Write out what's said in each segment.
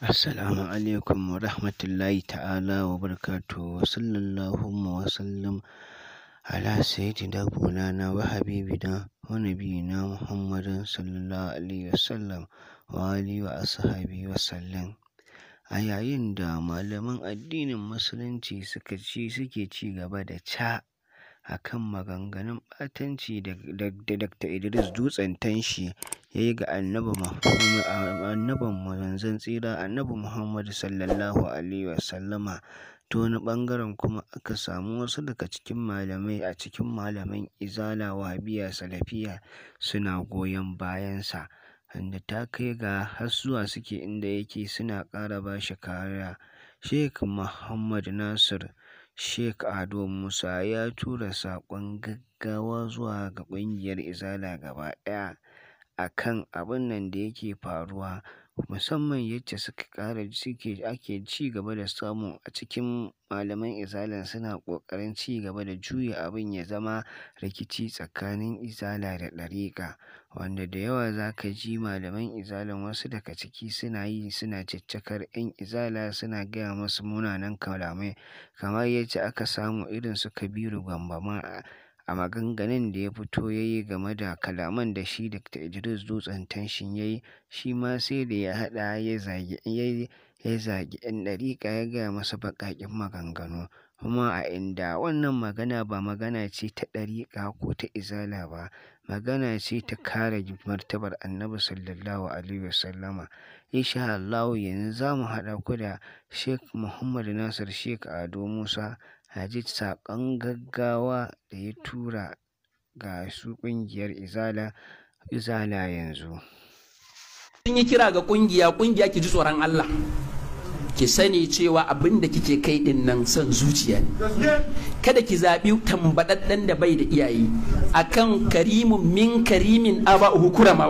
Assalamu alaikum wa rahmatullahi ta'ala wa barakatuhu wa sallallahu wa sallam ala sayyidina bulana wa habibina wa nabiyina Muhammadin sallallahu alaihi wa sallam wa ali wa ashabi wa sallam a yayin da malaman addinin musulunci suka ci suke ci gaba da ca a kan maganganun ɓatanci da Dr. Idris Dutsen Tanshi ya yi ga annabinmu manzon tsira Annabi Muhammadu Sallallahu Alaihi Wasallama ta wani ɓangaren kuma aka samu wasu daga cikin malamai a cikin malamin izala wahabiya salafiya suna goyon bayansa inda ta kai ga har suke inda yake suna ƙara ba shi kariya sheikh muhammad nasir Sheikh Ado Musa ya tura saƙon gaggawa zuwa ga ƙungiyar Izala gaba ɗaya a kan abin nan da yake faruwa. musamman yacce suka ƙara suke ake ci gaba da samu a cikin malaman Izalan suna ƙoƙarin ci gaba da juya abin ya zama rikici tsakanin Izala da ɗariƙa wanda da yawa za ka ji malaman Izalan wasu daga ciki suna yi suna caccakar 'yan Izala suna gaya musu munanan kalamai kamar yacce aka samu irin su Kabiru gambama a maganganun da ya fito ya yi game da kalaman da shi da Idris Dutsen tanshin ya yi shi ma sai da ya haɗa ya zagi ya zagi 'yan ɗariƙa ya gaya masa baƙaƙen maganganu kuma a inda wannan magana ba magana ce ta ɗariƙa ko ta izala ba magana ce ta kare martabar annabi sallallahu alaihi wasallama insha Allah yanzu zamu mu haɗa ku da Sheikh Muhammad Nasir Sheikh Ado Musa Hajji saƙon gaggawa da ya tura ga su ƙungiyar Izala, Izala yanzu. Sun yi kira ga ƙungiya, ƙungiya ki ji tsoron Allah. ki sani cewa abin da kike kai din nan son zuciya ne kada ki zaɓi tambadaddan da bai da iyaye akan karimun min karimin aba ma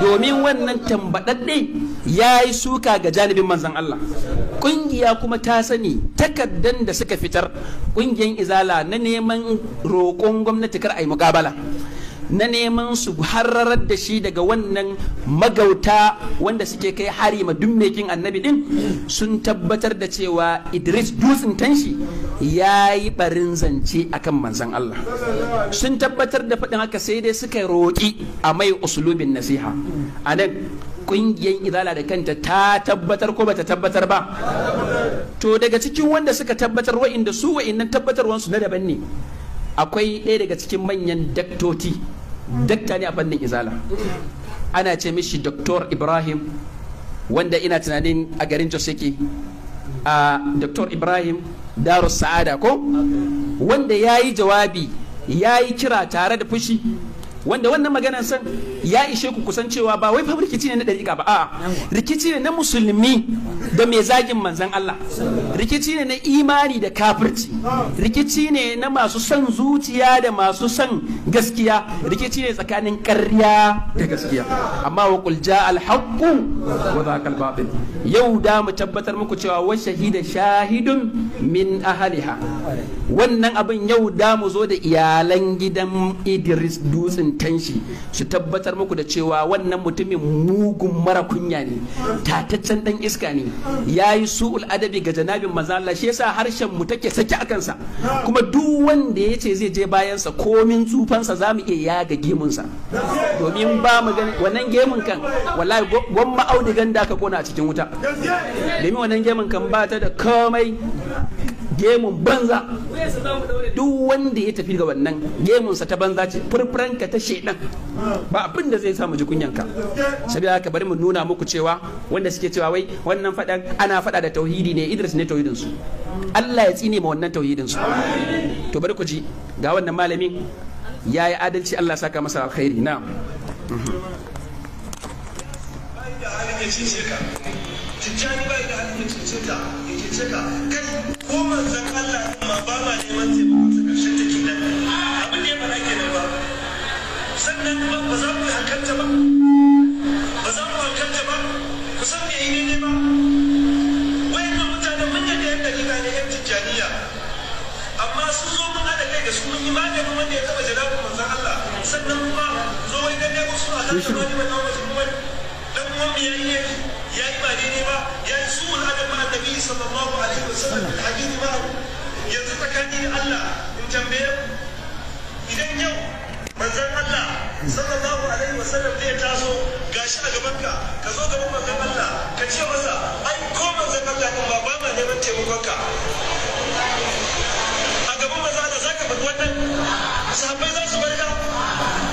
domin wannan tambadadde ya yi suka ga janibin manzan Allah ƙungiya kuma ta sani takaddan da suka fitar ƙungiyar izala na neman roƙon gwamnati kar a yi muƙabala na neman su hararar da shi daga wannan magauta wanda suke kai hari ma dummekin annabi din sun tabbatar da cewa idris dutsen tanshi ya yi barin zance akan manzan allah sun tabbatar da faɗin haka sai dai suka roƙi a mai usulubin nasiha a nan ƙungiyar izala da kanta ta tabbatar ko bata tabbatar ba to daga cikin wanda suka tabbatar wa'inda su wa'innan tabbatarwansu na daban ne akwai ɗaya daga cikin manyan daktoti dakta ne a fannin izala ana ce mishi Dr. Ibrahim wanda ina tunanin a garin Jos yake a Dr. Ibrahim Darussa'ada ko wanda ya yi jawabi ya yi kira tare da fushi wanda wannan magana san ya ishe ku kusan cewa ba wai fa ne na dariƙa ba a'a rikici ne na musulmi da mai zagin manzon Allah rikici ne na imani da kafirci rikici ne na masu son zuciya da masu son gaskiya rikici ne tsakanin ƙarya da gaskiya amma wa qul ja'a al-haqqu wa batil yau da mu tabbatar muku cewa wa shahida shahidun min ahliha wannan abin yau da mu zo da iyalan gidan Idris dutsen tsintan shi su tabbatar muku da cewa wannan mutumin mugun mara kunya ne tataccen dan iska ne ya yi su'ul adabi ga janabin mazalla shi yasa harshen mu take saki a sa kuma duk wanda ya ce zai je bayansa sa komin tsufansa za mu iya yaga gemunsa. domin ba mu gani wannan gemun kan wallahi gwamma audigan da ka kona a cikin wuta domin wannan gemun kan ba ta da komai gemun banza duk wanda ya tafi ga wannan gemunsa ta banza ce furfuranka ta shedan ba abin da zai samu jikunyanka. sabi saboda haka bari mu nuna muku cewa wanda suke cewa wai wannan fadan ana fada da tauhidi ne Idris ne tauhidin Allah ya tsine ma wannan tauhidin su to bari ku ji ga wannan malamin ya yi adalci Allah saka masa alkhairi na. kai ko manzan wanda ya taba janabin manzon Allah sannan kuma zo wai dan ne suna da wani mai nawa kuma dan uwan mu yayi ne yayi ba daidai ba yayi suul adam ma annabi sallallahu alaihi wasallam bil hadith ma yanzu tsakani Allah in tambaye idan yau manzon Allah sallallahu alaihi wasallam zai taso gashi a gaban ka ka zo gaban manzon Allah ka ce masa ai ko manzon Allah din ba ma neman taimakon ka sahabbai za su barka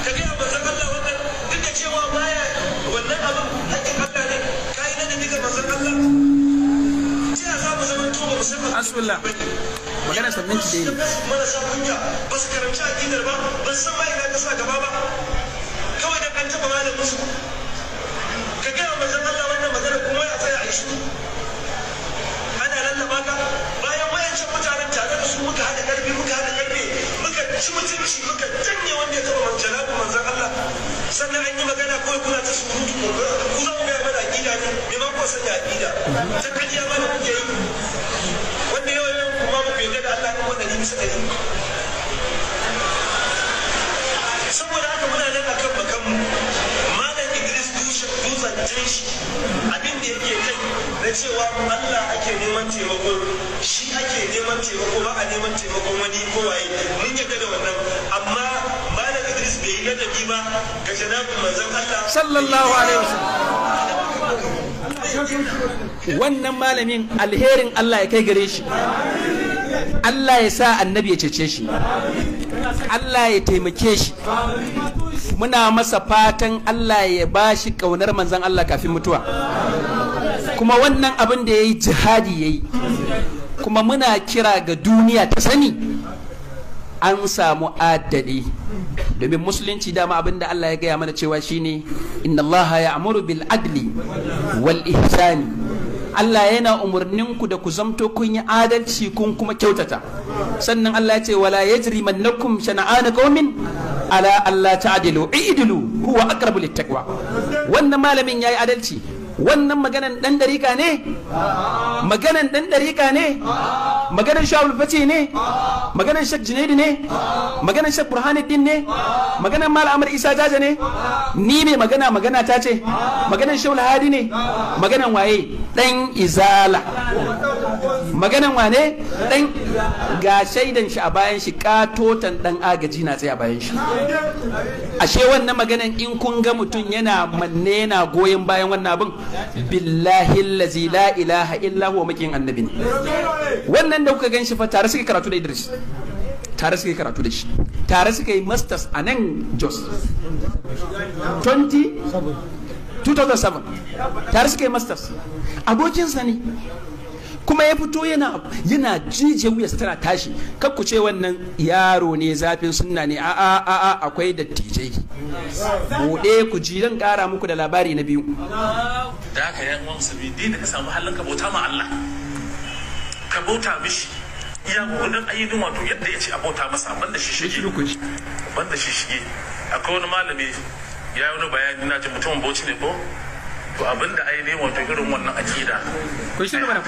ka gaya manzon Allah wannan duk da cewa baya wannan abin hakkin Allah ne ka yi nanabi ga manzon Allah jiya za mu zama to ba mu san asbilla magana sa minti dai marasa kunya ba su karanci addinin ba ba su san ma ina kasa gaba ba kawai da an taba malamin musu ka gaya manzon Allah wannan magana kuma ya tsaya a yi ana lallaba ka bayan wayancin mutanen tare da su muka haɗa ƙarfi muka haɗa ƙarfi ci mutuncin ka janye wanda ya taba janabi manzan Allah sannan an yi magana kawai kuna ta surutu ku ku za ku ga mana aqida ne me ma ku sanya aqida ta kariya ma da kuke yi wanda yau yau kuma mu yarda da Allah kuma da ni bisa dari saboda haka muna nan akan bakan mu albarkace shi abin da yake kai na cewa Allah ake neman taimako shi ake neman taimako ba a neman taimakon wani ko waye mun yarda da wannan amma malam Idris bai yi ladabi ba ga janabin manzon Allah sallallahu alaihi wasallam wannan malamin alherin Allah ya kai gare shi Allah ya sa annabi ya cece shi Allah ya taimake shi muna masa fatan Allah ya ba shi ƙaunar manzan Allah kafin mutuwa kuma wannan abin da ya yi jihadi ya yi kuma muna kira ga duniya ta sani an samu adadi domin musulunci dama abin da Allah ya gaya mana cewa shine inna Allah ya amuru bil adli wal ihsani Allah yana umarnin ku da ku zamto kun yi adalci kun kuma kyautata sannan Allah ya ce wala yajri mannakum shana'ana qaumin ala Allah ta'dilu i'dilu huwa aqrabu littaqwa wannan malamin yayi adalci wannan maganan ɗan ɗarika ne maganan ɗan ɗarika ne maganan shawul fati ne maganan shak jinaidu ne maganan shek burhanuddin ne maganan mal amr isa jaja ne ni ne magana magana ta ce maganan shawul hadi ne maganan waye ɗan izala maganan wane dan ga shaidan shi a bayan shi katotan dan agaji na tsaye a bayan shi ashe wannan maganan in kun ga mutum yana manne yana goyon bayan wannan abin billahi allazi la ilaha illa huwa makiyin annabi ne wannan da kuka gan shi fa tare suke karatu da Idris tare suke karatu da shi tare suke yi masters a nan jos 20 2007 tare suka yi masters abokinsa ne kuma ya fito yana yana jije wuyarsa tana tashi kar ku ce wannan yaro ne zafin sunna ne a a a a akwai dattijai bude ku ji zan kara muku da labari na biyu da aka yan uwan sabi dina da ka samu halin ka bauta ma Allah ka bauta mishi iya gudun ayyukan wato yadda ya ce a bauta masa banda shi shige banda shi shige akwai wani malami ya yi wani bayani na ji mutumin bauchi ne ko to abinda ainihin wato irin wannan akida kun shi mana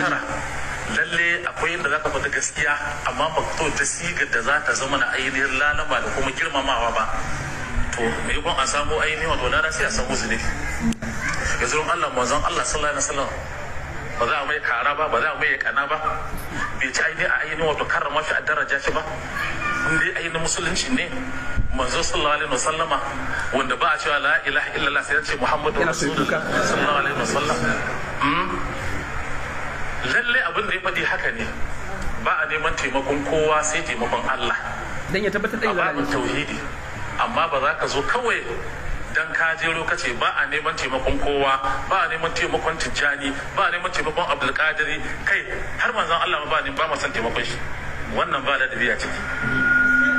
lalle akwai inda zaka fita gaskiya amma ba to ta sigar da za ta zama na ainihin lalama da kuma girmamawa ba to me yakon a samu ainihin wato lada sai a samu zune yanzu Allah manzon Allah sallallahu alaihi wasallam ba za a mai kara ba ba za a mai kana ba bai ci ainihin a ainihin wato karrama shi a daraja shi ba in dai ainihin musulunci ne manzo sallallahu alaihi wasallama wanda ba a cewa la ilaha illallah sai ya ce muhammadu rasulullah sallallahu alaihi wasallam hmm? lalle abin da ya faɗi haka ne ba a neman taimakon kowa sai taimakon Allah dan ya tabbatar da ibadar tauhidi amma ba za ka zo kawai dan ka je lokaci ba a neman taimakon kowa ba a neman taimakon tijjani ba a neman taimakon abdulkadiri kai har manzon Allah ba ne ba ma san taimakon shi wannan ba dabi a ciki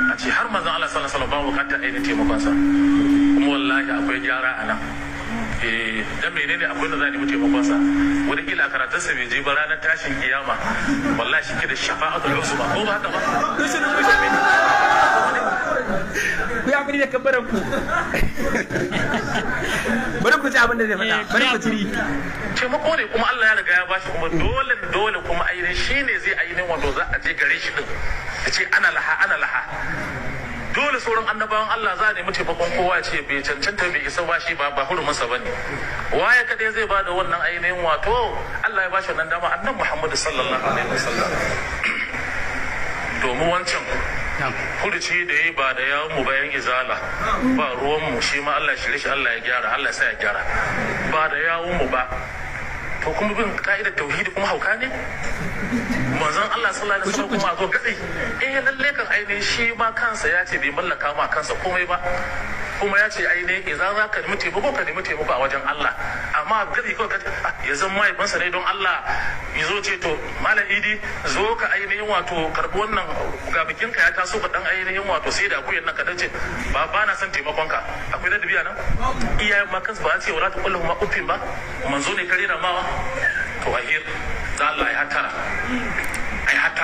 a ce har manzon Allah sallallahu alaihi wasallam ba bukatar ainihin taimakon sa kuma wallahi akwai gyara a nan dan menene akwai da za ni mutu taimakon sa wani kila karatun sa bai je ba ranar tashin kiyama wallahi shi ke da shafa'atul usma ko ba haka ba ku ya kuri da kabbaran ku bari ku ci abin da zai fada eh, bari ku tiri taimako ne kuma Allah ya riga ya bashi kuma dole dole kuma ainihin shine zai ainihin wato za a je gare shi din ya ce ana laha ana laha dole sauran annabawan Allah za a nemi taimakon kowa ce bai cancanta bai isa ba shi ba ba hurumunsa bane waye kadai zai bada wannan ainihin wato Allah ya bashi wannan dama annabi Muhammad sallallahu alaihi wasallam domin wancan furuci da yi ba da yawon mu bayan izala ba ruwan mu shi ma Allah shi Allah ya gyara Allah ya sa ya gyara ba da yawon mu ba to kuma bin ka'idar tauhidi kuma hauka ne manzon Allah sallallahu alaihi wasallam kuma zo kadai eh lalle kan ainihin shi ma kansa ya ce bai mallaka ma kansa komai ba kuma ya ce ainihin idan za ka nemi taimako ka nemi taimako a wajen Allah amma gari ko ka ah, ya zan mahaifinsa ne don Allah ya zo ce to malam idi zo ka ainihin wato karbi wannan ga bikinka ya taso ka dan ainihin wato sai da akuyan nan ka dace ba ba na son taimakon ka akwai da dubiya nan iyayen ma kansu ba ce wala ta kullu ma uffin ba manzo ne ka rera mawa to ahir da Allah ya hatara makara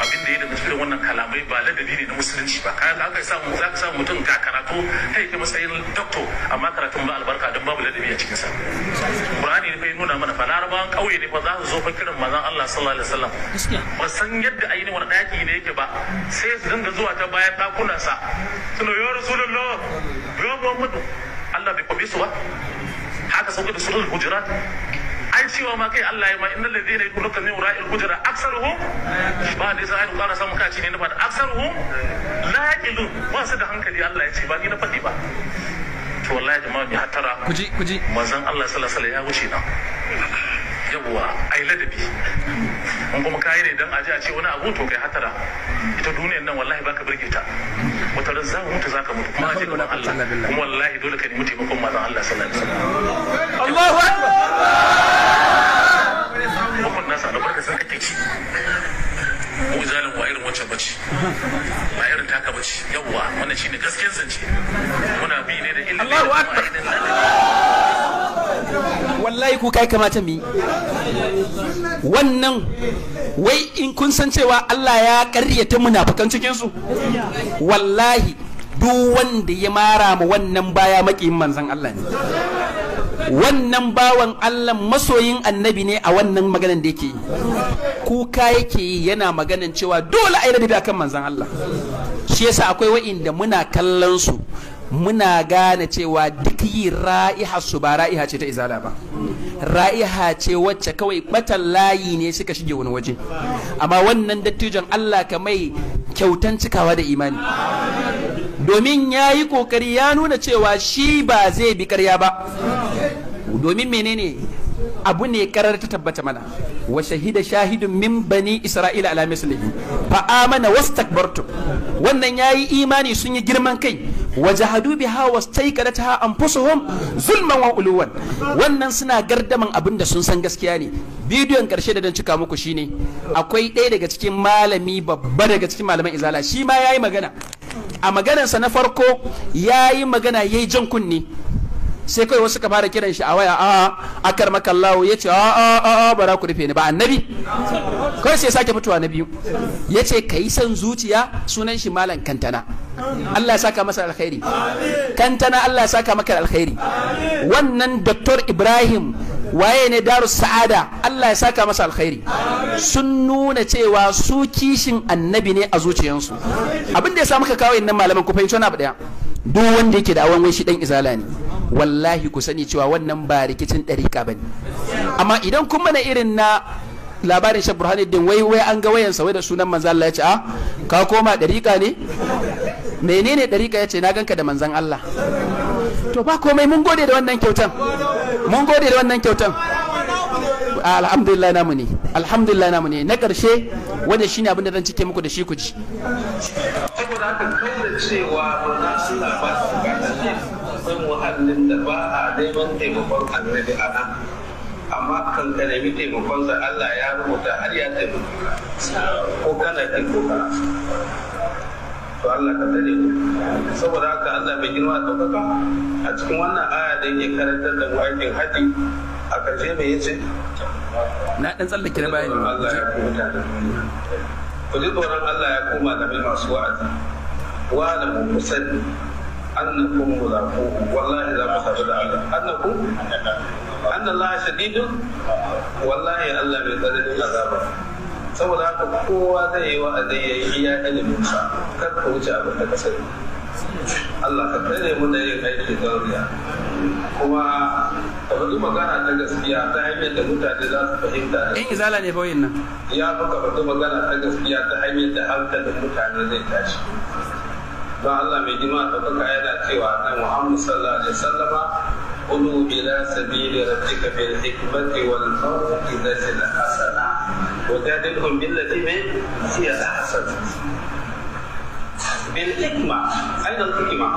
abin da ya daga cikin wannan kalamai ba ladabi ne na musulunci ba ka za ka samu za ka samu mutum ga karatu kai kai matsayin doktor amma karatun ba albarka don babu ladabi a cikinsa Qur'ani ne fa ya nuna mana fa larabawan kauye ne fa za su zo fa kiran manzon Allah sallallahu alaihi wasallam ba san yadda ainihin wani daki ne yake ba sai su dinga zuwa ta bayan dakunansa suna ya rasulullah ya muhammadu Allah bai kwabe su ba haka sauka da surul hujurat an cewa ma kai Allah ya ma inna ladina yaquluna min ra'il gujra aksaruhum ba da sai an kana samu kaci ne na fada aksaruhum la ilu ba su da hankali Allah ya ce ba ni na fadi ba to wallahi jama'a mi hatara kuji kuji manzon Allah sallallahu alaihi wasallam ya wuce na yawwa ai ladabi mun kuma kai ne dan aje a ce wani abu to kai hatara ita duniyar nan wallahi baka burge ta wata ran za mutu zaka mutu kuma aje gaban Allah kuma wallahi dole ka nemi taimakon manzon Allah sallallahu alaihi wasallam Allahu akbar wannan shine gaskiyar zance muna bi ne da ilimi wallahi ku kai kamata mi wannan wai in kun san cewa Allah ya ƙaryata munafukan cikin su wallahi duk wanda ya mara ma wannan baya makiyin manzon Allah ne wannan bawan Allah masoyin annabi ne a wannan maganan da yake yi kuka yake yi yana maganan cewa dole a yi ladabi akan manzan Allah shi yasa akwai wa'inda muna kallon su muna gane cewa duk yi ra'iha su ba ra'iha ce ta izala ba ra'iha ce wacce kawai batan layi ne suka shige wani waje amma wannan dattijon Allah ka mai kyautan cikawa da imani domin ya yi kokari ya nuna cewa shi ba zai bi karya ba domin menene abu ne karar ta tabbata mana wa shahida shahidun min bani isra'ila ala mislihi fa amana wastakbartu wannan yayi imani sun yi girman kai wa jahadu biha wastaykanataha anfusuhum zulman wa uluwan wannan suna gardaman abin da sun san gaskiya ne bidiyon karshe da dan cika muku shine akwai ɗaya daga cikin malami babba daga cikin malaman izala shi ma yayi magana a maganarsa na farko yayi magana yayi jan kunni sai kawai wasu ka fara kiran shi a waya a akar makallahu ya ce a a a ku rufe ni ba annabi kawai sai sake fitowa na biyu ya ce ka yi son zuciya sunan shi malam kantana Allah ya saka masa alkhairi kantana Allah ya saka maka alkhairi wannan Dr. Ibrahim waye ne daru sa'ada Allah ya saka masa alkhairi sun nuna cewa su kishin annabi ne a zuciyansu abin da ya sa muka kawo nan malaman ku fahimci wani abu daya duk wanda yake da awon wai shi dan izala ne wallahi ku sani cewa wannan ba rikicin ɗariƙa ba ne amma idan kun mana irin na labarin shan burhanuddin wai wai an ga wayansa wai da sunan manzan Allah ya ce a ah, ka koma ɗariƙa ne menene ɗariƙa ya ce na ganka da manzan Allah to ba komai mun gode da wannan kyautan mun gode da wannan kyautan alhamdulillah namu ne alhamdulillah namu ne na ƙarshe wanda shine abin da zan cike muku da shi ku ji saboda haka kawai cewa ba na suna ba su ba wajen muhallin da ba a neman taimakon annabi a nan amma kan ka nemi taimakonsa Allah ya rubuta har ya taimaka ko kana ki ko kana to Allah ka tare ku saboda haka Allah bai girma ɗaukaka a cikin wannan aya da yake karantar da mu haji a ƙarshe me yace na dan tsallake na bayani Allah ya kuma ku ji tsoron Allah ya koma da mai masu wa'azi wa da mu annakum mulaquhu wallahi za mu sadu da Allah annakum anna Allah shadidun wallahi Allah bai tsananin azaba saboda haka kowa zai yi wa'azi ya yi iya ilimin sa kar ka wuce abin da ka sani Allah ka tsare mu da yin aiki da kuma ka faɗi magana ta gaskiya ta hanyar da mutane za su fahimta da in izala ne bawin nan ya fi ka faɗi magana ta gaskiya ta hanyar da hankalin mutane zai tashi don Allah mai girma ɗaukaka yana cewa nan Muhammad sallallahu alaihi wasallama قلوا إلى سبيل Wa بالحكمة والموعظة الحسنة وجادلهم بالتي من هي hikma, بالحكمة أين الحكمة؟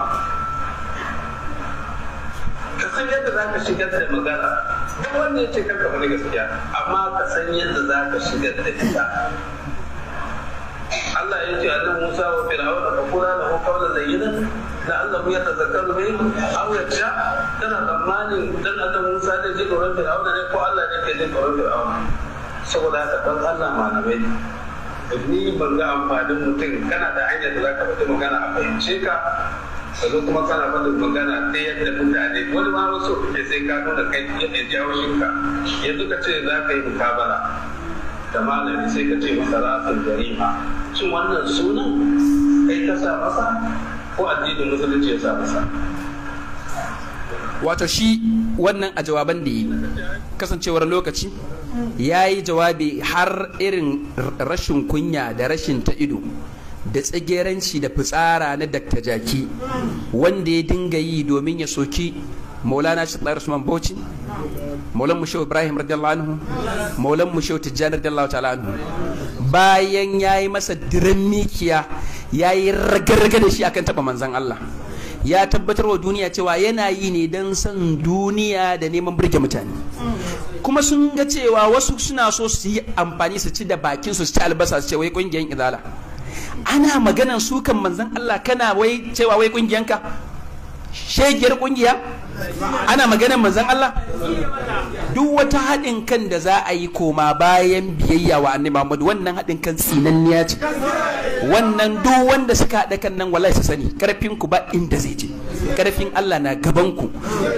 ka san yadda za ka shigar da magana duk wanda ya ce kanka wani gaskiya amma ka san yadda za ka shigar da ita Allah ya ce annabi Musa wa Fir'aun da kula da hukumar zayyana da Allah ya tazakkaru ne aw ya ta tana tsammanin dan annabi Musa da ji tsoron Fir'aun ne ko Allah ne ke jin tsoron Fir'aun saboda haka dan Allah malamai ni ban ga amfanin mutum kana da hanyar da zaka fita magana a fahimce ka kazo kuma kana fadin magana ta yadda mutane wani ma wasu kuke sai ka nuna kai yadda jawo shinka yanzu ka ce za ka yi mukabala da malami sai ka ce masa rasul jarima cin wannan sunan kai ka sa masa ko addinin musulunci ya sa masa wato shi wannan a jawaban da yi kasancewar lokaci ya yi jawabi har irin rashin kunya da rashin ta ido da tsageranci da fitsara na dakta jaki wanda ya dinga yi domin ya soki maulana shi tsayar usman bauchi maulan mushe ibrahim radiyallahu anhu maulan mushe tijjani radiyallahu ta'ala anhu bayan ya yi masa diramikiya mikiya ya yi ragarraga da shi akan taba manzan Allah ya tabbatar wa duniya cewa yana yi ne don san duniya da neman birge mutane kuma sun ga cewa wasu suna so su yi amfani su ci da bakin su ci albasa su ce wai kungiyan izala ana maganan sukan manzan Allah kana wai cewa wai kungiyanka shegiyar kungiya ana maganar manzan Allah duk wata haɗin kan da za a yi koma bayan biyayya wa annabi Muhammad wannan haɗin kan ya ce wannan duk wanda suka haɗa kan nan wallahi su sani karfin ku ba inda zai je karfin Allah na gaban ku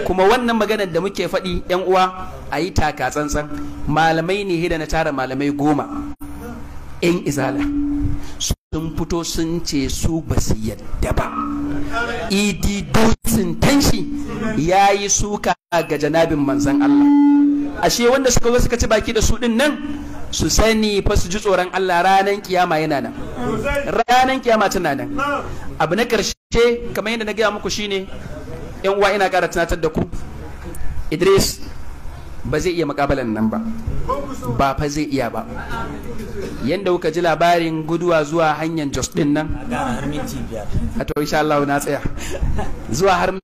kuma wannan maganar da muke faɗi yan uwa a yi taka tsantsan malamai ne da na tara malamai goma yan izala sun fito sun ce su basu yadda ba idi dutsen ya yi suka ga janabin manzan Allah ashe wanda suka zo suka ci baki da su din nan su sani fa su ji tsoron Allah ranan kiyama yana nan ranan kiyama tana nan abu na karshe kamar yadda na gaya muku shine yan uwa ina ƙara tunatar da ku Idris ba zai iya mukabalan nan ba ba fa zai iya ba yadda kuka ji labarin guduwa zuwa hanyar jos din nan a to insha Allah na tsaya zuwa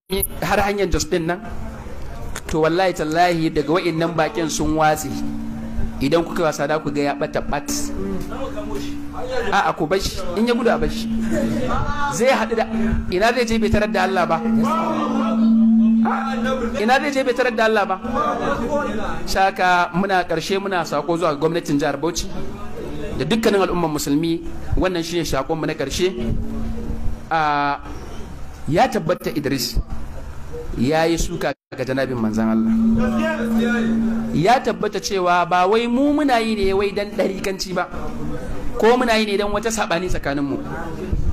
har hanyar jos din nan to wallahi tallahi daga wa'in nan bakin sun watsi idan kuka wasa da ku ga ya bata bat a a ku bashi in ya gudu a bashi zai haɗu da ina zai je bai tarar da Allah ba ina zai je bai tarar da Allah ba shaka muna karshe muna sako zuwa gwamnatin jihar Bauchi da dukkanin al'umman musulmi wannan shine shakon mu na karshe a ya tabbata Idris ya yi suka ga janabin manzan Allah ya tabbata cewa ba wai mu muna yi ne wai dan ɗarikanci ba ko muna yi ne dan wata saɓani mu.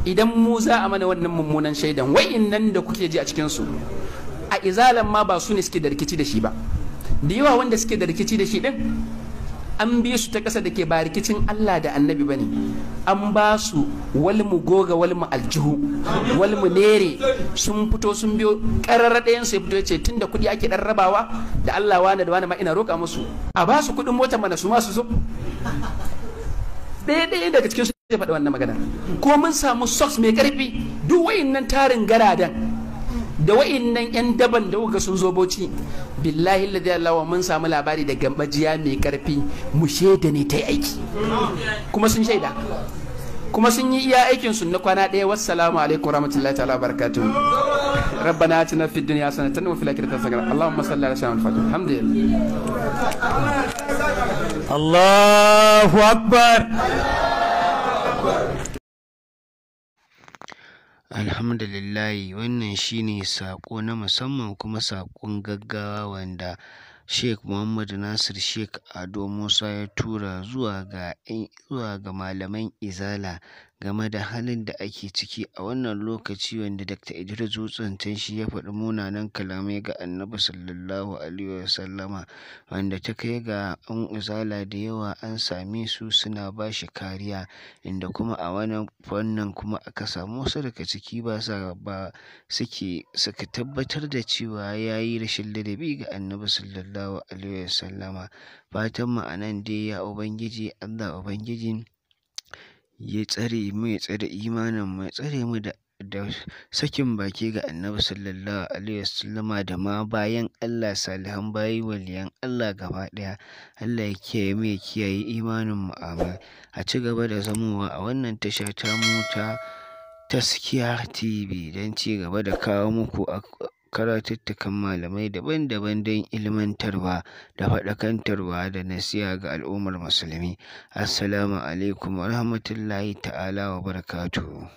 idan mu za a mana wannan mummunan shaidan nan da kuke ji a cikinsu izalan ma ba su ne suke da rikici da shi ba da yawa wanda suke da rikici da shi din an bi su ta kasa da ke ba rikicin Allah da annabi ba ne an ba su walmu goga walmu aljihu walmu nere sun fito sun biyo ƙarar ɗayan su ya fito ya ce tun da kuɗi ake ɗan rabawa da Allah wani da wani ma ina roƙa musu a ba su kuɗin mota mana su ma su zo ɗaya ɗaya daga cikin su zai faɗi wannan magana ko mun samu socks mai ƙarfi duk wayannan tarin garadan da wa'innan yan daban da kuka sun zo boci billahi ladi Allah mun samu labari da gambajiya mai karfi mu shaida ne ta aiki kuma sun shaida kuma sun yi iya aikin sun na kwana ɗaya wassalamu alaikum warahmatullahi ta'ala barakatuhu ربنا اتنا في الدنيا حسنه وفي الاخره حسنه اللهم صل على سيدنا محمد الحمد لله Allahu اكبر Alhamdulillahi wannan shi ne saƙo na musamman kuma saƙon gaggawa wanda Sheikh Muhammad Nasir Sheikh Ado Musa ya tura zuwa ga malaman Izala. game da halin da ake ciki a wannan lokaci wanda Dr. Idris tun shi ya faɗi munanan kalamai ga Annabi sallallahu alaihi wasallama wanda ta kai ga an uzala da yawa an sami su suna ba shi kariya inda kuma a wannan fannin kuma aka samu wasu daga ciki ba sa ba suke suka tabbatar da cewa ya yi rashin ladabi ga Annabi sallallahu alaihi wasallama fatan mu anan dai ya ubangiji Allah ubangijin ya tsare mu ya tsare imanin mu ya tsare mu da da sakin baki ga Annabi Sallallahu Alaihi Wasallama da ma bayan Allah salihan bayi waliyan Allah gaba ɗaya Allah ya kiyaye mu ya kiyaye imanin mu a ci gaba da zamowa a wannan tasha ta mu ta Taskiya TV don ci gaba da kawo muku karatuttukan malamai daban-daban don ilmantarwa da faɗakantarwa da nasiha ga al'ummar musulmi. Assalamu alaikum wa rahmatullahi ta'ala wa barakatuhu.